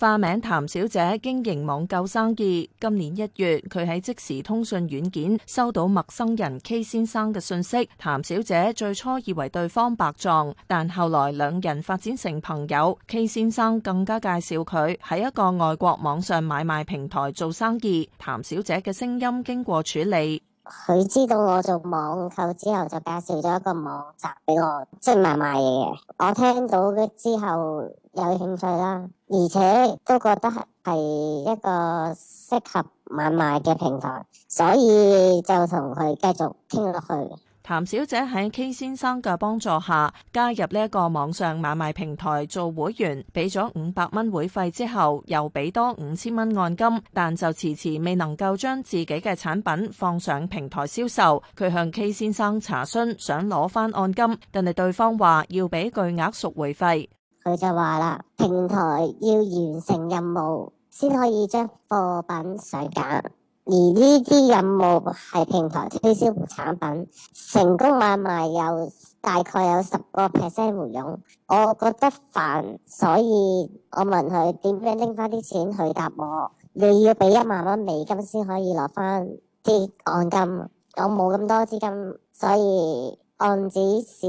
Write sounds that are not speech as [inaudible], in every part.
化名譚小姐經營網購生意。今年一月，佢喺即時通訊軟件收到陌生人 K 先生嘅信息。譚小姐最初以為對方白撞，但後來兩人發展成朋友。K 先生更加介紹佢喺一個外國網上買賣平台做生意。譚小姐嘅聲音經過處理。佢知道我做網購之後，就介紹咗一個網站俾我，即係買賣嘢嘅。我聽到嘅之後有興趣啦，而且都覺得係一個適合買賣嘅平台，所以就同佢繼續傾落去。譚小姐喺 K 先生嘅幫助下加入呢一個網上買賣平台做會員，俾咗五百蚊會費之後，又俾多五千蚊按金，但就遲遲未能夠將自己嘅產品放上平台銷售。佢向 K 先生查詢想攞翻按金，但係對方話要俾巨額贖回費。佢就話啦，平台要完成任務先可以將貨品上架。而呢啲任務係平台推銷產品，成功買賣有大概有十個 percent 回佣，我覺得煩，所以我問佢點樣拎翻啲錢，佢答我，你要俾一萬蚊美金先可以攞翻啲按金。我冇咁多資金，所以按指示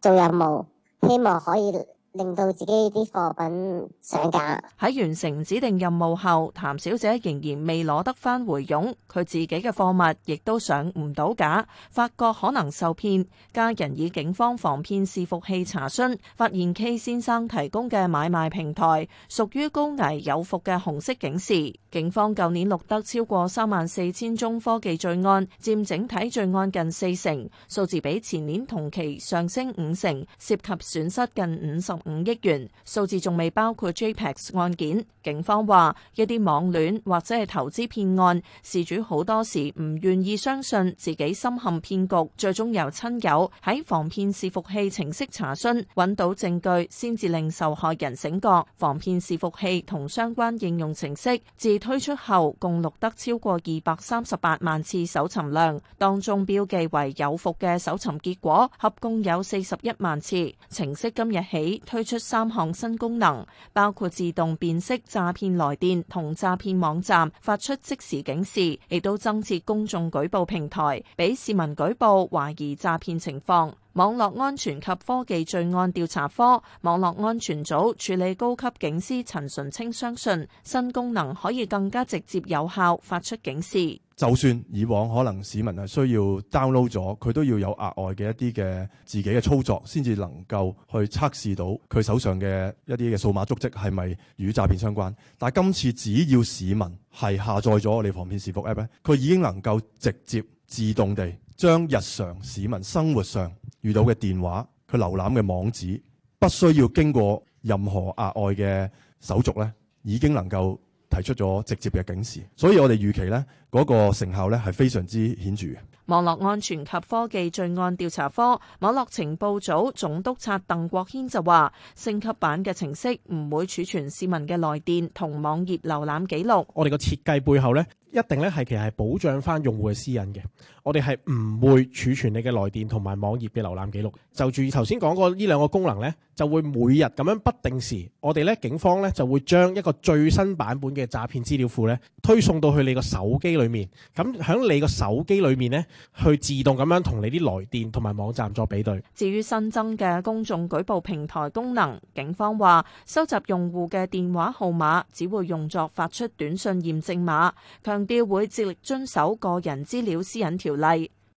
做任務，希望可以。令到自己啲貨品上架。喺完成指定任務後，譚小姐仍然未攞得返回佣，佢自己嘅貨物亦都上唔到架，發覺可能受騙。家人以警方防騙視伏器查詢，發現 K 先生提供嘅買賣平台屬於高危有伏嘅紅色警示。警方舊年錄得超過三萬四千宗科技罪案，佔整體罪案近四成，數字比前年同期上升五成，涉及損失近五十。五億元數字仲未包括 JPEX 案件。警方話一啲網戀或者係投資騙案，事主好多時唔願意相信自己深陷騙局，最終由親友喺防騙視伏器程式查詢，揾到證據先至令受害人醒覺。防騙視伏器同相關應用程式自推出後，共錄得超過二百三十八萬次搜尋量，當中標記為有伏嘅搜尋結果合共有四十一萬次。程式今日起，推出三項新功能，包括自動辨識詐騙來電同詐騙網站，發出即時警示，亦都增設公眾舉報平台，俾市民舉報懷疑詐騙情況。網絡安全及科技罪案調查科網絡安全組處理高級警司陳純清相信，新功能可以更加直接有效發出警示。就算以往可能市民係需要 download 咗，佢都要有額外嘅一啲嘅自己嘅操作，先至能夠去測試到佢手上嘅一啲嘅數碼足跡係咪與詐騙相關。但係今次只要市民係下載咗我哋防騙視伏 app 咧，佢已經能夠直接自動地將日常市民生活上遇到嘅電話，佢瀏覽嘅網址，不需要經過任何額外嘅手續咧，已經能夠。提出咗直接嘅警示，所以我哋預期呢，嗰個成效呢，係非常之顯著嘅。網絡安全及科技罪案調查科網絡情報組總督察鄧國軒就話，升級版嘅程式唔會儲存市民嘅來電同網頁瀏覽記錄。 [noise] 我哋個設計背後呢，一定咧係其實係保障翻用戶嘅私隱嘅。我哋係唔會儲存你嘅來電同埋網頁嘅瀏覽記錄。就住頭先講過呢兩個功能呢，就會每日咁樣不定時，我哋咧警方咧就會將一個最新版本嘅詐騙資料庫咧推送到去你個手機裏面。咁喺你個手機裏面呢。去自動咁樣同你啲來電同埋網站作比對。至於新增嘅公眾舉報平台功能，警方話收集用戶嘅電話號碼只會用作發出短信驗證碼，強調會致力遵守個人資料私隱條例。